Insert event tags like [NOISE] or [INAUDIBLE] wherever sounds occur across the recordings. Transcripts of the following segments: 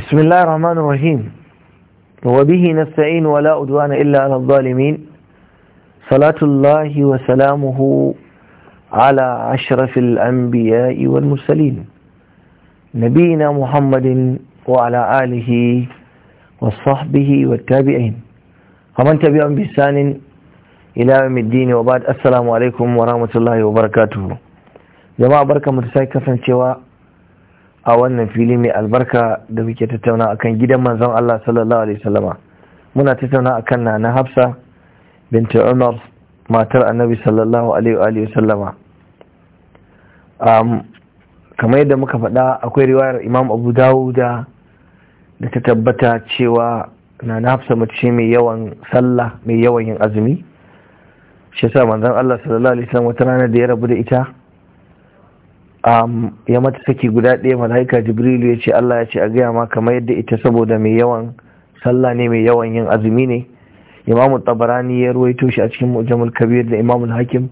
بسم الله الرحمن الرحيم وبه نستعين ولا أدوان إلا على الظالمين صلاة الله وسلامه على أشرف الأنبياء والمرسلين نبينا محمد وعلى آله وصحبه والتابعين ومن تبعهم بإحسان إلى يوم الدين وبعد السلام عليكم ورحمة الله وبركاته جماعة بركة متساكفة سواء a wannan fili mai albarka da muke tattauna akan gidan manzon Allah sallallahu alaihi wasallama muna tattauna akan nana Hafsa binta Umar matar Annabi sallallahu alaihi wasallama um, kamar yadda muka faɗa akwai riwayar Imam Abu Dawuda da ta tabbata cewa nana Hafsa mace mai yawan sallah mai yawan yin azumi shi yasa manzon Allah sallallahu alaihi wasallama wata rana da ya rabu da ita ya mata saki guda ɗaya mala'ika jibrilu ya ce Allah ya ce a gaya ma kamar yadda ita saboda mai yawan sallah ne mai yawan yin azumi ne imam tabarani ya ruwaito shi a cikin mujamul kabir da imam hakim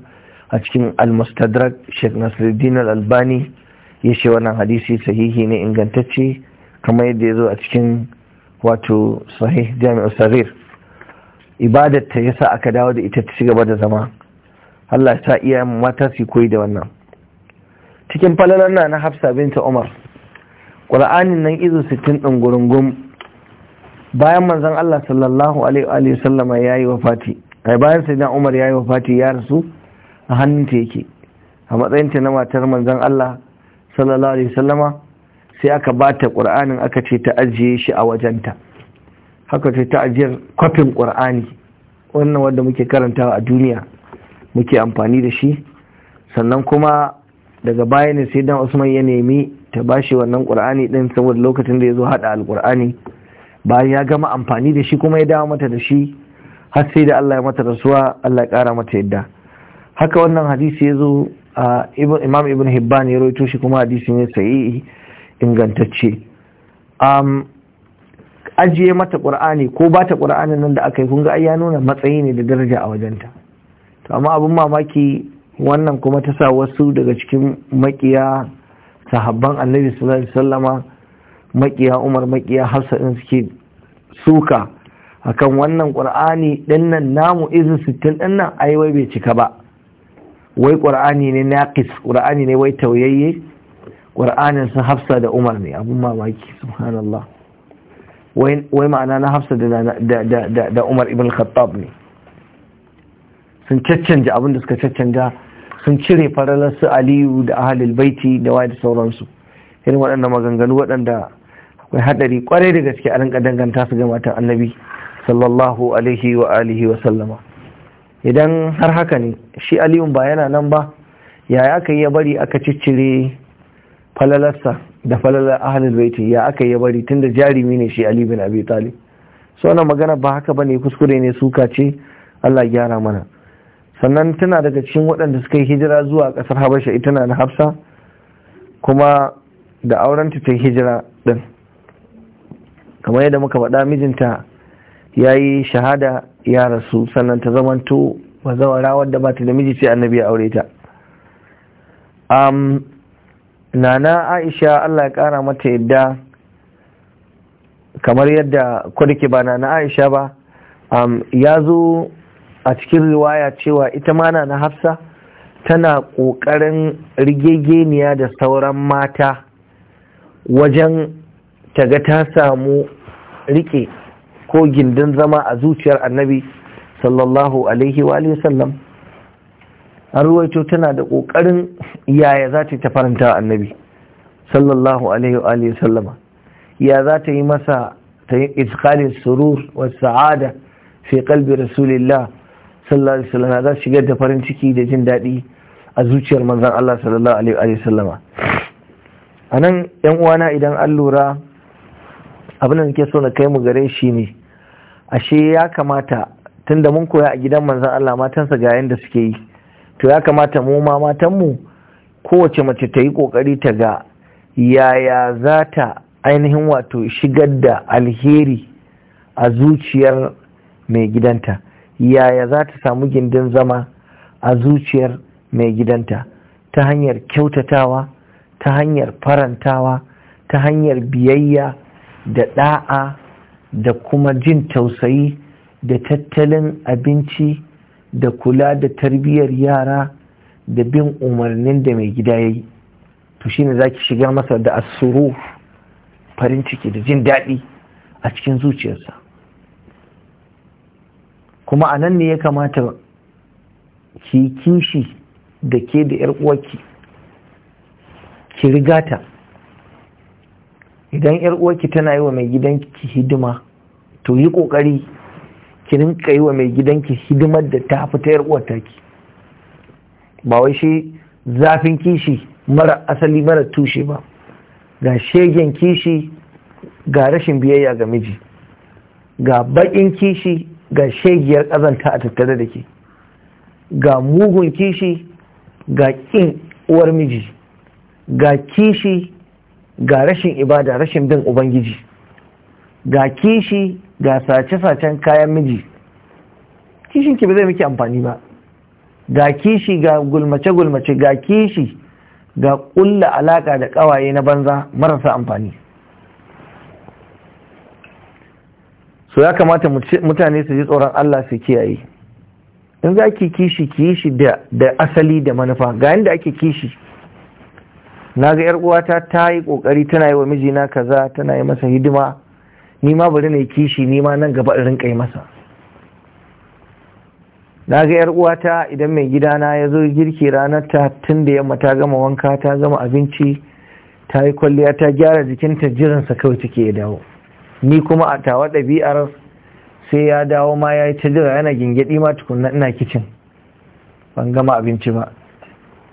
a cikin al-mustadrak sheikh nasiruddin al-albani ya ce wannan hadisi sahihi ne ingantacce kamar yadda ya zo a cikin wato sahih jami'u sarir ibadar ta yasa aka dawo da ita ta ci gaba da zama Allah ya sa iya mata su koyi da wannan cikin falalar na na hafsa binta umar ƙura'anin nan izu 60 ɗin gurungun bayan manzan Allah sallallahu alaihi sallama ya yi wafati ai bayan sai na umar ya yi wafati ya rasu a hannunta yake a matsayin ta na matar manzan Allah sallallahu alaihi sallama sai aka ba ta ƙura'anin aka ce ta ajiye shi a wajenta haka ce ta ajiyar kwafin ƙura'ani wannan wanda muke karantawa a duniya muke amfani da shi sannan kuma daga baya ne sai dan usman ya nemi ta bashi wannan qur'ani din saboda lokacin da ya zo hada Alƙur'ani. bayan ya gama amfani da shi kuma ya dawo mata da shi har sai da Allah ya mata rasuwa Allah ya kara mata yadda haka wannan hadisi ya zo imam ibn hibban ya rawaito shi kuma hadisi ne sahihi ingantacce ajiye mata qur'ani ko ba ta qur'anin nan da aka yi kun ga ai ya nuna matsayi ne da daraja a wajenta to amma abin mamaki wannan kuma ta sa wasu daga cikin makiya sahabban annabi sallallahu alaihi wasallama makiya umar makiya hafsa din suke suka akan wannan qur'ani nan namu izin sittin nan ai wai bai cika ba wai qur'ani ne naqis qur'ani ne wai tauyayye qur'anin sun hafsa da umar ne abun mamaki subhanallah wai ma'ana na hafsa da da da umar ibn khattab ne sun caccanja abin da suka caccanja sun cire faralar aliyu da ahalil baiti da waye da sauransu irin waɗanda maganganu waɗanda akwai haɗari kwarai da gaske a rinka danganta su ga matan annabi sallallahu alaihi wa alihi wa sallama idan har haka ne shi aliyun ba yana nan ba ya aka yi ya bari aka ciccire falalarsa da falalar ahalil baiti ya aka yi bari tunda jarumi ne shi Ali bin Abi Talib so na magana ba haka bane kuskure ne suka ce Allah gyara mana sannan tana daga cikin waɗanda suka yi hijira zuwa ƙasar habasha ita na da hafsa kuma da aurenta ta hijira ɗin kamar yadda muka faɗa mijinta ya yi shahada ya rasu sannan ta zamanto bazawara wadda ba ta da miji ce annabi ya aure ta nana aisha allah ya ƙara mata yadda kamar yadda kwadake ba nana aisha ba ya zo a cikin riwaya cewa ita mana na hafsa tana ƙoƙarin rigegeniya da sauran mata wajen ta ga ta samu rike ko gindin zama a zuciyar annabi sallallahu alaihi wa sallam an ruwaito tana da ƙoƙarin yaya za ta faranta annabi sallallahu alaihi wa sallama ya za ta yi masa ta yi iskalin surur wa sa'ada fi kalbi rasulillah sallallahu alaihi wasallam za su shigar da farin ciki da jin daɗi a zuciyar manzon Allah sallallahu alaihi a nan yan uwana idan an lura abin da nake so na kai mu gare shi ne ashe ya kamata tunda mun koya a gidan manzon Allah matansa ga yanda suke yi to ya kamata mu ma mu kowace mace ta yi kokari ta ga yaya za ta ainihin wato shigar da alheri a zuciyar mai gidanta yaya za ta samu gindin zama a zuciyar mai gidanta ta hanyar kyautatawa ta hanyar farantawa ta hanyar biyayya da ɗa'a da kuma jin tausayi da tattalin abinci da kula da tarbiyyar yara da bin umarnin da mai gida ya yi to shine za ki shigar masa da asuru farin ciki da jin daɗi a cikin zuciyarsa kuma a nan ne ya kamata ki kishi da ke da 'yar uwarki ki rigata idan 'yar uwarki tana yi wa mai gidanki hidima to yi kokari ki rinka yi wa mai gidanki hidimar da ta fita 'yar uwarta ki ba wai shi zafin kishi mara asali mara tushe ba ga shegen kishi ga rashin biyayya ga miji ga baƙin kishi ga shegiyar ƙazanta a tattare da ke ga mugun kishi ga ƙin uwar miji ga kishi ga rashin ibada rashin bin ubangiji ga kishi ga sace-sacen kayan miji kishin ki ba zai miki amfani ba ga kishi ga gulmace-gulmace ga kishi ga ƙulla alaƙa da ƙawaye na banza marasa amfani so ya kamata mutane su ji tsoron Allah su kiyaye in za ki kishi kishi da asali da manufa ga yadda ake kishi na ga yar uwata ta yi kokari tana yi wa mijina kaza tana yi masa hidima ni ma bari yi kishi ni ma nan gaba in kai masa na ga yar uwata idan mai gidana ya zo girki ranar ta tun da yamma ta gama wanka ta gama abinci ta yi kwalliya ta gyara jikinta jiransa kawai take ya dawo ni kuma a tawa ɗabi'ar sai ya dawo ma ya yi ta jira yana gingiɗi ma tukunna ina kicin ban gama abinci ba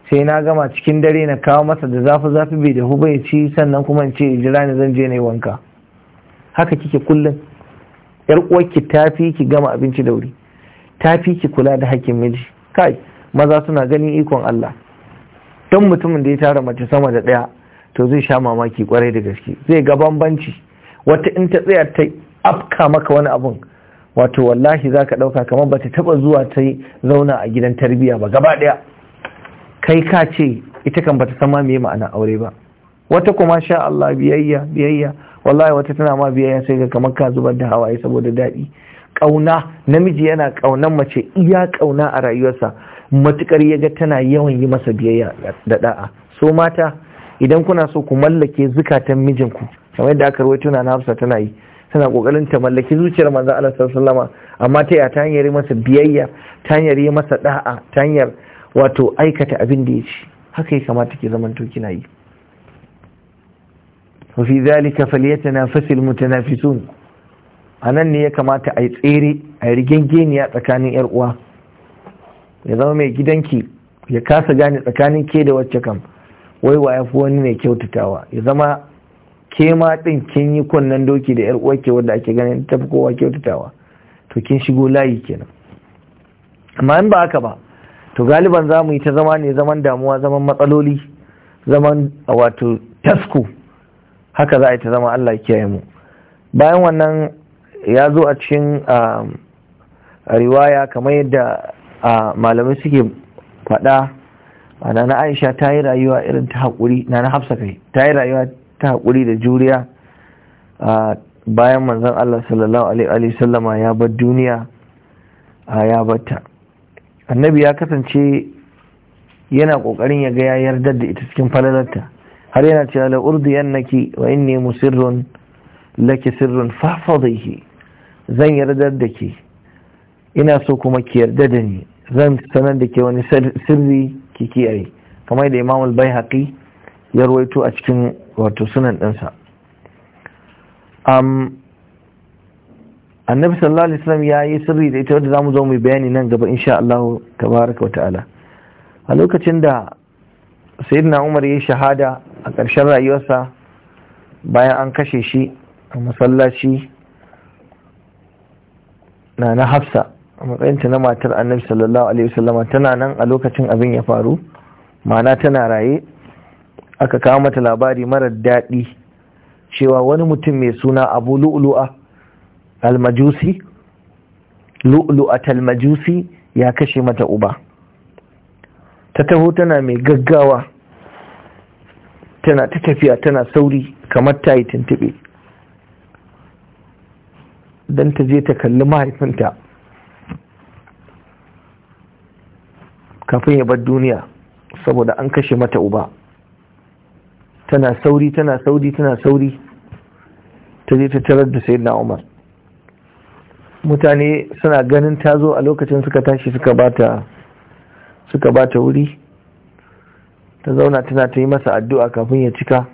sai na gama cikin dare na kawo masa da zafi zafi bai dahu bai ci sannan kuma in ce jira ni zan je na yi wanka haka kike kullum yar uwarki ta fi ki gama abinci da wuri ta fi ki kula da hakkin miji kai maza suna ganin ikon Allah don mutumin da ya tara mace sama da ɗaya to zai sha mamaki kwarai da gaske zai ga bambanci wata in ta tsaya ta afka maka wani abun wato wallahi za ka ɗauka kamar ba ta taɓa zuwa ta zauna a gidan tarbiyya ba gaba ɗaya kai ka ce ita kan ba ta sama me ma'ana aure ba wata kuma sha Allah biyayya biyayya wallahi wata tana ma biyayya sai ga kamar ka zubar da hawaye saboda daɗi ƙauna namiji yana ƙaunan mace iya ƙauna a rayuwarsa matukar ya ga tana yawan yi masa biyayya da ɗa'a. so mata idan kuna so ku mallake zukatan mijinku kamar yadda aka rawaito na Hafsa tana yi tana kokarin ta mallaki zuciyar maza Allah sallallahu amma ta ya ta hanyar masa biyayya ta hanyar yi masa da'a ta hanyar wato aikata abin da ya ci haka ya kamata ki zaman to kina yi wa fi zalika falyatanafasil mutanafisun anan ne ya kamata a yi tsere a yi rigengeniya tsakanin yar uwa ya zama mai gidanki ya kasa gane tsakanin ke da wacce kam wai wa ya fi wani mai kyautatawa ya zama ke ma din kin yi kunnen doki da yar uwarki wanda ake ganin ta fi kowa kyautatawa to kin shigo layi kenan amma in ba haka ba to galiban za mu yi ta zama ne zaman damuwa zaman matsaloli zaman wato tasko haka za a yi ta zama Allah kiyaye mu bayan wannan ya zo a cikin um, riwaya kamar yadda malamai suke faɗa na Aisha ta yi rayuwa irin ta haƙuri na na hafsa kai ta yi rayuwa ta haƙuri da juriya bayan manzon Allah sallallahu alaihi sallama ya bar duniya ya batta annabi ya kasance yana ƙoƙarin ya gaya ya yarda da ita cikin falalarta har yana cewa la urdiyannaki wa inni musirrun laki sirrun fafadhihi zan yarda da ke ina so kuma ki yarda da ni zan sanar da ke wani sirri ki kiyaye kamar da imamul bai haƙi ya ruwaito a cikin wato sunan ɗansa annabi sallallahu alaihi wasallam ya yi sirri da ita wadda zamu zo mai bayani nan gaba insha Allah tabaraka wata'ala a lokacin da sayyidina Umar ya shahada a ƙarshen rayuwarsa bayan an kashe shi a masallaci na na Hafsa a ta na matar annabi sallallahu alaihi wasallam tana nan a lokacin abin ya faru ma'ana tana raye aka kawo mata labari marar daɗi cewa wani mutum mai suna abu lu'lu'a almajusi lu'lu'at almajusi ya kashe mata uba ta taho tana mai gaggawa tana ta tafiya tana sauri kamar ta yi tuntube don ta je ta kalli mahaifinta kafin ya bar duniya saboda an kashe mata uba tana sauri tana sauri tana sauri ta je ta tarar da na umar mutane suna ganin ta zo a lokacin suka tashi suka ba ta wuri ta zauna tana ta yi masa addu'a kafin ya cika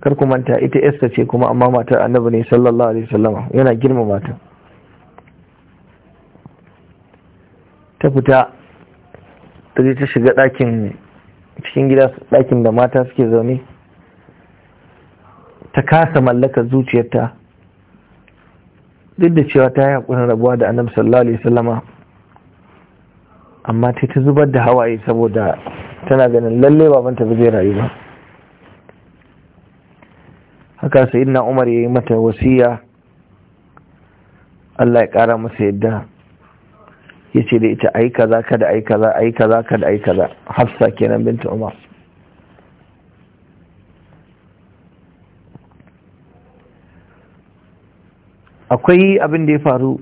kar ku ita esta ce kuma amma matar annabi ne sallallahu alaihi sallama yana girmama ta ta fita ta je ta shiga ɗakin cikin gida ɗakin da mata suke zaune ta kasa mallakar zuciyarta duk da cewa ta yi haƙurin rabuwa da annabi sallallahu alaihi wasallama amma ta ta zubar da hawaye saboda tana ganin lalle babanta ba zai rayu ba haka sayyidina umar ya yi mata wasiya Allah ya ƙara masa yadda ya ce da ita ai kaza kada ai kaza ai kaza kada ai kaza hafsa kenan binta umar akwai abin da ya faru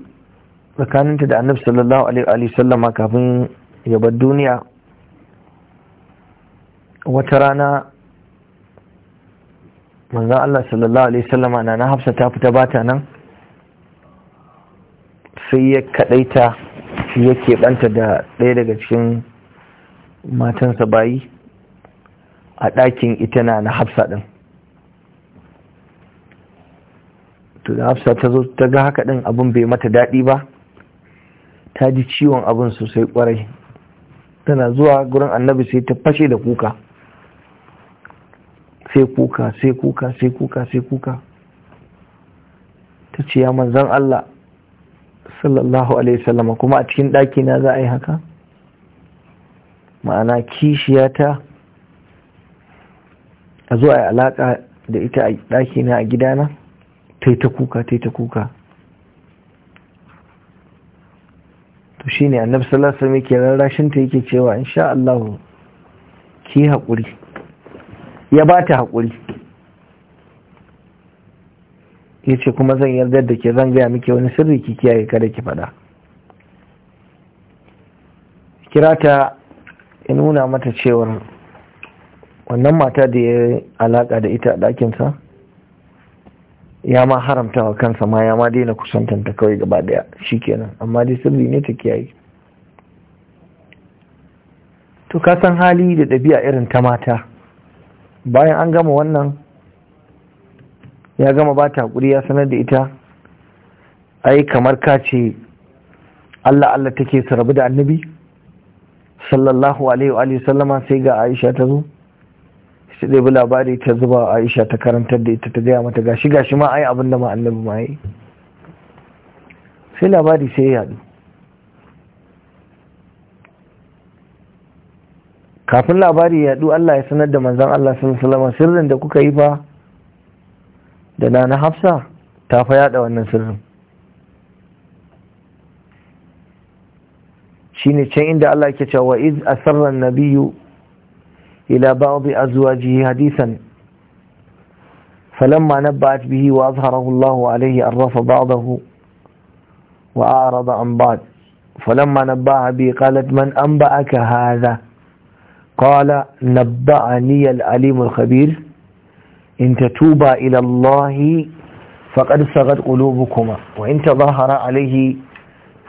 tsakaninta da annabi sallallahu alaihi sallama kafin ya bar duniya wata rana manzan Allah sallallahu alaihi sallama na na hafsa ta fita bata nan sai ya kadaita shi yake ɗanta da ɗaya daga cikin matansa bayi a ɗakin ita na na hafsa ɗin to da hafsa ta zo ta ga haka ɗin abin bai mata daɗi ba ta ji ciwon abin sosai ƙwarai tana zuwa gurin annabi sai ta fashe da kuka sai kuka sai kuka sai kuka sai kuka ta ce ya manzan Allah sallallahu alaihi wasallam kuma a cikin ɗaki na za a yi haka ma'ana kishiyata a zo a yi alaƙa da ita a ɗaki na a gidana ta yi ta kuka ta yi ta kuka to shi ne annabi sallallahu alaihi ke rarrashin ta yake cewa insha Allah ki haƙuri ya ba ta haƙuri ya ce kuma zan yarda da ke zan gaya miki wani sirri ki kiyaye kada ki faɗa kira ta ya nuna mata cewar wannan mata da ya yi alaƙa da ita a ɗakinsa ya ma haramta wa kansa ma ya ma daina kusantanta kawai gaba daya kenan amma dai sirri ne ta kiyaye to ka san hali da ɗabi'a irin ta mata bayan an gama wannan ya gama ba ta hakuri ya sanar da ita ai kamar ka ce Allah Allah take su rabu da annabi sallallahu alaihi wa sallama sai ga Aisha ta zo sai dai labari ta zuba Aisha ta karantar da ita ta gaya mata gashi gashi ma ai abin da ma annabi ma yi sai labari sai ya yadu kafin labari ya yadu Allah ya sanar da manzon Allah sallallahu alaihi wa sirrin da kuka yi fa da nana hafsa ta fa yada wannan sirrin shine can inda Allah yake cewa iz asarra nabiyyu ila ba'd azwajihi hadisan فلما نبأت به وأظهره الله عليه عرف بعضه وأعرض عن بعض فلما نبأها به قالت من أنبأك هذا قال نبأني العليم الخبير in ta tuba ilallahi faƙar sagar sagat kuma, wa in tadhahara alayhi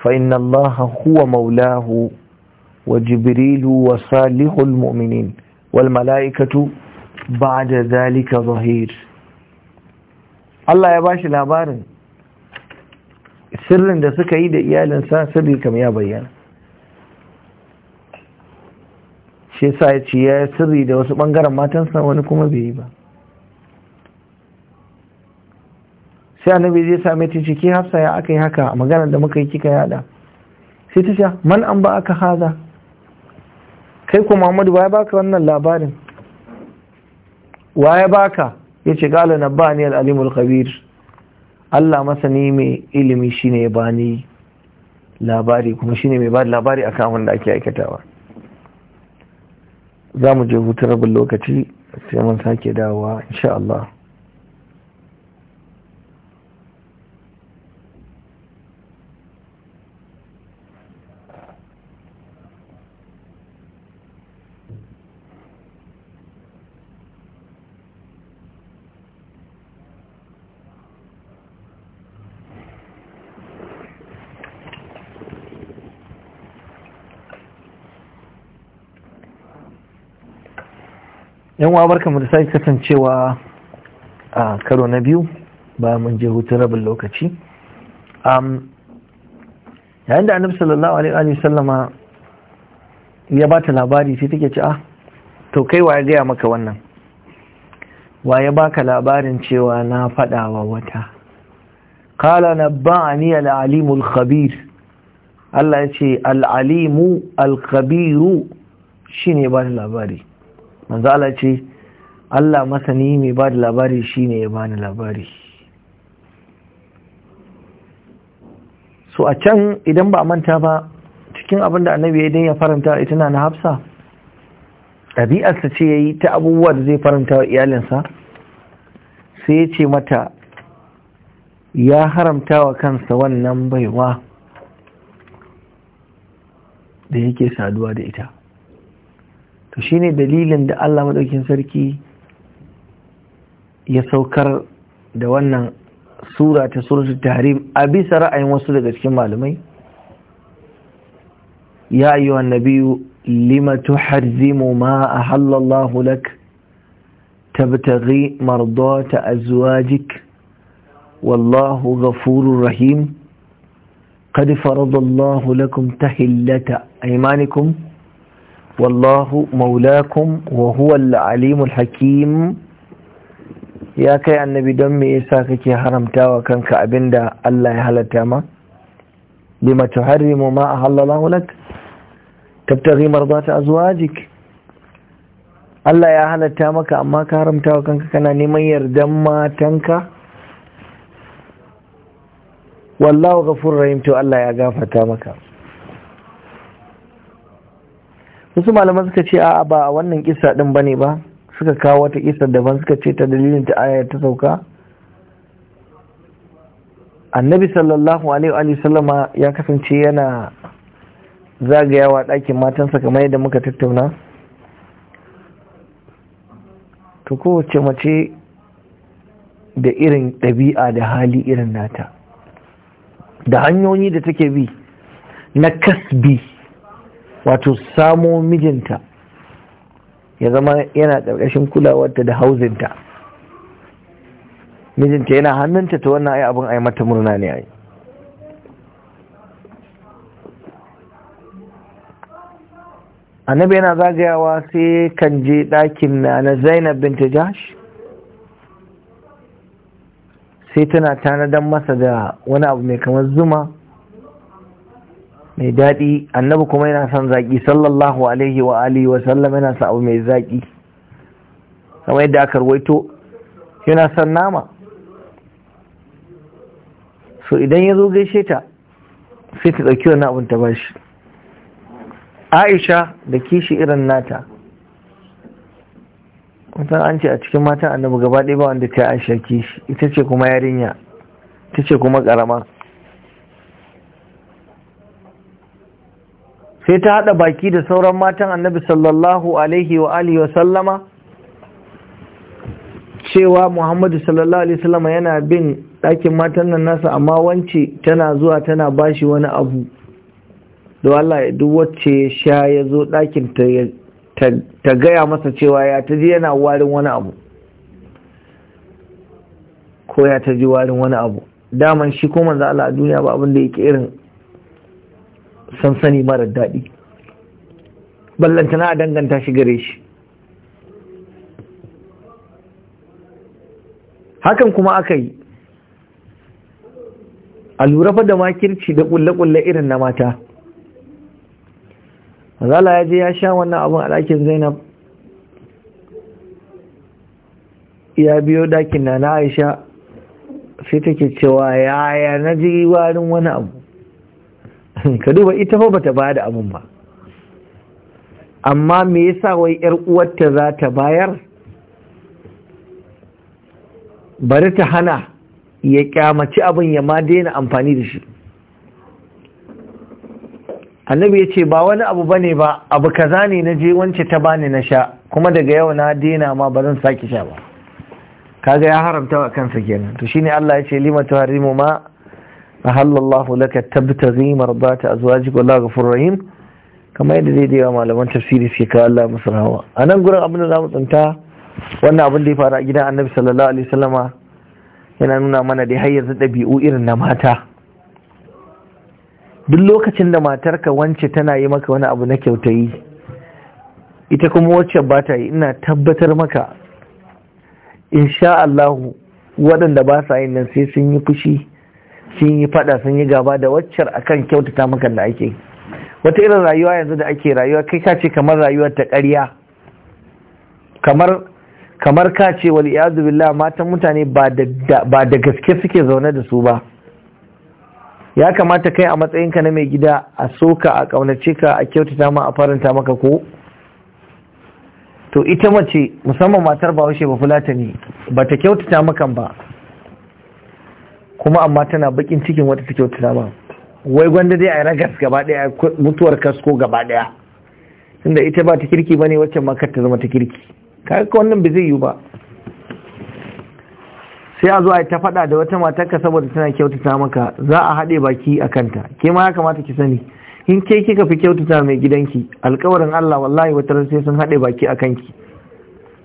fa inna Allah huwa maulahu wa Jibrilu wa salihul mu'minin wal malaikatu da zalika zahir Allah ya bashi labarin sirrin da suka yi da iyalinsa sirri kam ya bayyana shi sa ya ce ya sirri da wasu ɓangaren matansa wani kuma bai yi ba sai annabi zai same ta ce ke hafsa ya aka yi haka magana da muka yi kika yada sai ta ce man an ba aka haza kai ko Muhammadu ba ya baka wannan labarin waye baka yace na ba ni al'alimul khabir Allah masani mai ilimi shine ya bani labari kuma shine mai bada labari a kamun da ake aikatawa za mu je hutu rabin lokaci sai mun sake dawowa insha Allah yan wa barka mu da kasancewa a karo na biyu ba mun je hutun rabin lokaci yayin da annabi sallallahu alaihi wa sallama ya ba ta labari sai take ce ah to kai wa ya gaya maka wannan wa ya baka labarin cewa na faɗawa wa wata kala na ba'ani al'alimul khabir Allah ya ce al'alimu al-khabiru shi ne ba labari manzo Allah ce Allah masani mai ba da labari shi ne ya bani labari so a can idan ba manta ba cikin abin da annabi ya ya faranta ita na na hafsa ɗabi'arsa ce ya yi ta abubuwa da zai faranta wa iyalinsa sai ya ce mata ya haramta wa kansa wannan baiwa da yake saduwa da ita to shine dalilin da Allah ɗaukin sarki ya saukar da wannan sura ta suratul tahrim a bisa ra'ayin wasu daga cikin malamai ya ayyuhan limatu lima tuharzimu ma ahallallahu lak mardo mardata azwajik wallahu ghafurur rahim قد فرض الله لكم تهلة أيمانكم wallahu maulakum wa huwal alimul hakim ya kai annabi don me yasa kake haramtawa kanka abinda Allah ya halatta ma lima tuharrimu ma ahallallahu lak tabtaghi mardata azwajik Allah ya halatta maka amma ka haramtawa kanka kana neman yardan matanka wallahu ghafurur rahim to Allah ya gafarta maka wasu malaman suka ce a ba a wannan kisa din bane ba suka kawo wata kisa daban suka ce ta dalilin ta aya ta sauka annabi sallallahu alaihi wa sallama ya kasance yana zagayawa ɗakin matansa kamar yadda muka tattauna to kowace mace da irin ɗabi'a da hali irin nata da hanyoyi da take bi na kasbi wato samo mijinta ya zama yana ƙarƙashin kulawarta da hauzinta mijinta yana hannunta ta wannan ai abin ai mata murna ne ai annabi yana zagayawa sai kan je ɗakin na na zainab binta jash sai tana tanadan masa da wani abu mai kamar zuma mai daɗi annabi kuma yana son zaƙi sallallahu alaihi wa alihi wa sallam yana son abu mai zaƙi kamar yadda aka rawaito yana son nama so idan ya zo gaishe ta sai ta ɗauki wani abin ta bashi aisha da kishi irin nata kusan an ce a cikin matan annabi gaba ɗaya ba wanda ta aisha kishi ita ce kuma yarinya ita ce kuma ƙarama sai ta haɗa baki da sauran matan annabi sallallahu alaihi wa alihi wa sallama cewa muhammadu sallallahu alaihi sallama yana bin ɗakin matan nan nasa amma wance tana zuwa tana bashi wani abu da Allah duk wacce ya sha ya zo ɗakin ta gaya masa cewa ya ta ji yana warin wani abu ko ya ta ji warin wani abu daman shi ko manzo Allah a duniya ba abin da yake irin sansani mara daɗi ballantana a danganta shi gare shi hakan kuma aka yi a lura fa da makirci da ƙulle-ƙulle irin na mata zala ya je ya sha wannan abin a ɗakin zainab ya biyo ɗakin na na aisha sai take cewa yaya na ji warin wani abu [LAUGHS] ka duba ita fa bata ba da abin ba amma me yasa wai yar uwarta za ta bayar bari ta hana ya kyamaci abin ya ma daina amfani da shi annabi ya ce ba wani abu bane ba abu kaza ne na je wance ta bani na sha kuma daga yau na daina ma bazan zan sake sha ba kaga ya haramta wa kansa kenan to shine Allah ya ce lima tuharimu ma ahallallahu laka tabtaghi marbata zuwa wallahu ghafurur rahim kamar yadda zai da yawa malaman tafsiri suke kawo Allah musu rahawa a nan gurin abin da za mu tsinta wannan abin da ya faru a gidan annabi sallallahu yana nuna mana da har yanzu dabi'u irin na mata duk lokacin da matar ka wance tana yi maka wani abu na kyautayi ita kuma wacce ba ta yi ina tabbatar maka insha Allahu waɗanda ba sa yin nan sai sun yi fushi sun yi fada sun yi gaba da waccar akan kyautata maka da ake wata irin rayuwa yanzu da ake rayuwa kai ka ce kamar rayuwar ta ƙarya kamar kamar ka ce wal iyadu billah matan mutane ba da gaske suke zaune da su ba ya kamata kai a matsayinka na mai gida a soka a kaunace ka a kyautata ma a faranta maka ko to ita mace musamman matar bahaushe ba fulata ne ba ta kyautata makan ba kuma amma tana bakin cikin wata take wata dama wai gwanda dai a ragas gaba daya mutuwar kasko gaba daya tunda ita ba ta kirki bane wacce ma ta zama ta kirki kaga wannan ba zai yi ba sai a zo a ta faɗa da wata matarka saboda tana kyautata maka za a haɗe baki a kanta ke ma ya kamata ki sani in ke kika fi kyautata mai gidanki alkawarin Allah wallahi wata sai sun haɗe baki a kanki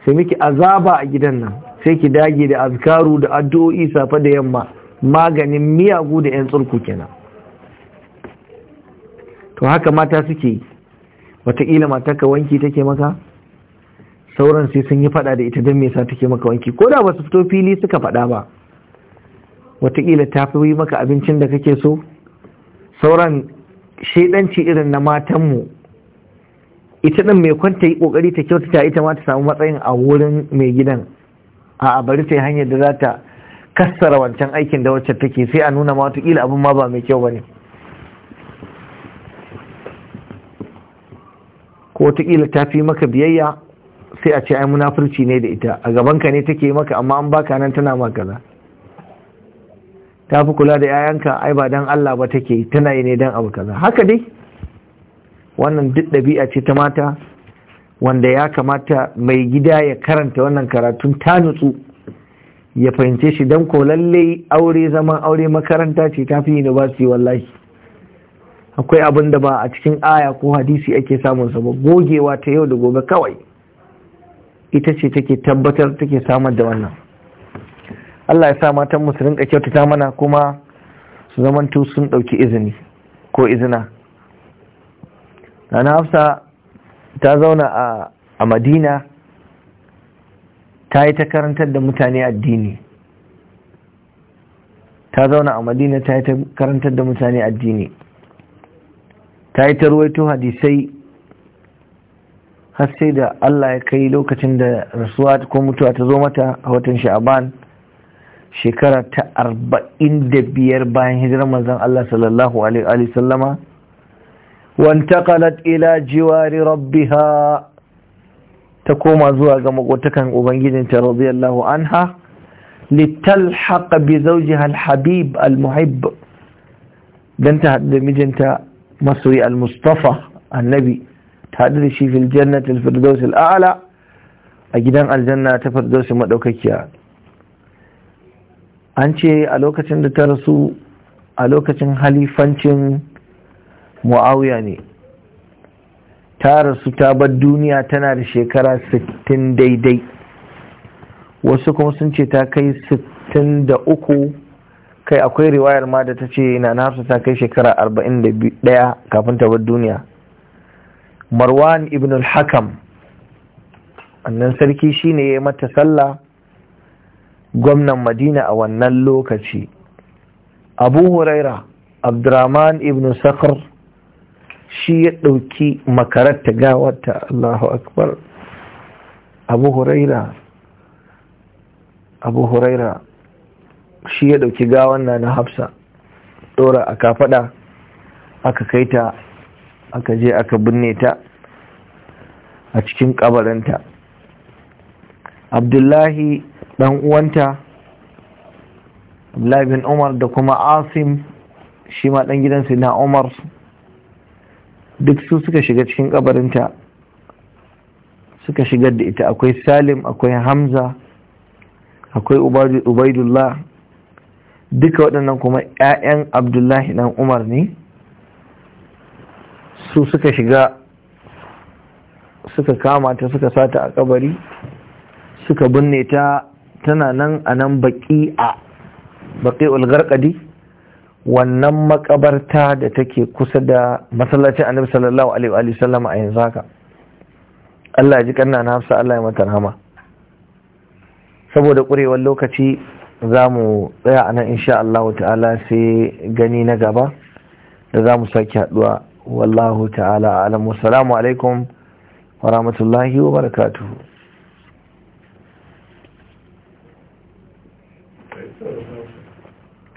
sai miki azaba a gidan nan sai ki dage da azkaru da addu'o'i safe da yamma maganin miyagu da 'yan tsurku kenan to haka mata suke yi wataƙila ka wanki take maka sauran sai sun yi fada da ita don me yasa take maka wanki ko da ba fito fili suka faɗa ba wataƙila ta fi maka abincin da kake so sauran shaidanci irin na matanmu ita ɗin mai kwanta yi ƙoƙari ta kyautata ita ma ta samu matsayin a wurin mai gidan A'a bari ta hanyar da za ta kassara wancan aikin da wacce take sai a nuna ma wataƙila abin ma ba mai kyau ba ne ko watakila ta fi maka biyayya sai a ce ai munafurci ne da ita a gabanka ne take maka amma an baka nan tana maka kaza ta fi kula da 'ya'yanka ai ba don Allah ba take tana yi ne don abu kaza haka dai wannan duk ɗabi'a ce ta mata wanda ya kamata mai gida ya karanta wannan karatun ta nutsu ya fahimce shi don ko lalle aure zaman aure makaranta ce ta fi university wallahi akwai abin da ba a cikin aya ko hadisi ake samun sa ba gogewa ta yau da gobe kawai ita ce take tabbatar take samar da wannan Allah ya sa matan musulun su kyautata mana kuma su zamantu sun dauki izini ko izina Nana Hafsa ta zauna a Madina ta yi ta karantar da mutane addini ta zauna a madina ta yi ta karantar da mutane addini ta yi ta ruwaito hadisai har sai da Allah ya kai lokacin da rasuwa ko mutuwa ta zo mata a watan sha'aban shekara ta arba'in da biyar bayan hijirar manzan Allah sallallahu alaihi wa sallama ila jiwari جوار ha. ta koma zuwa ga ubangijin ubangijinta radiyallahu anha litalhaqa bi zawjiha alhabib almuhibb dan ta haɗu da mijinta masoyi almustafa annabi ta haɗu da shi fil jannati alfirdaus al'ala a gidan aljanna ta firdaus madaukakiya an ce a lokacin da ta rasu a lokacin halifancin muawiya ne ta rasu ta bar duniya tana da shekara sittin daidai wasu kuma sun ce ta kai da uku. kai akwai riwayar ma da ta ce na nafsa ta kai shekara 41 kafin ta bar duniya marwan ibn al-hakam annan sarki shine ya mata sallah gwamnan madina a wannan lokaci abu huraira abdurrahman ibn sakhr shi ya ɗauki makarar ta gawarta Allahu akbar abu huraira abu huraira shi ya ɗauki gawan na na hafsa ɗora a kafaɗa aka kai aka je aka binne ta a cikin ƙabarinta abdullahi ɗan uwanta abdullahi bin umar da kuma asim shi ma ɗan gidansu na umar duk su suka shiga cikin kabarinta suka shigar da ita akwai salim akwai hamza akwai ubaidullah duka waɗannan kuma 'ya'yan abdullahi dan umar ne su suka shiga suka kama ta suka sata a kabari suka binne ta tana nan a nan baƙi a baƙi ulgarƙadi wannan makabarta da take kusa da masallacin annabi sallallahu alaihi wa sallam a yanzu haka Allah ya ji kanna na hafsa Allah ya mata rahama saboda kurewar lokaci za mu tsaya a nan insha Allah ta'ala sai gani na gaba da za mu sake haɗuwa, wallahu ta'ala alamu salamu alaikum wa rahmatullahi wa barakatuhu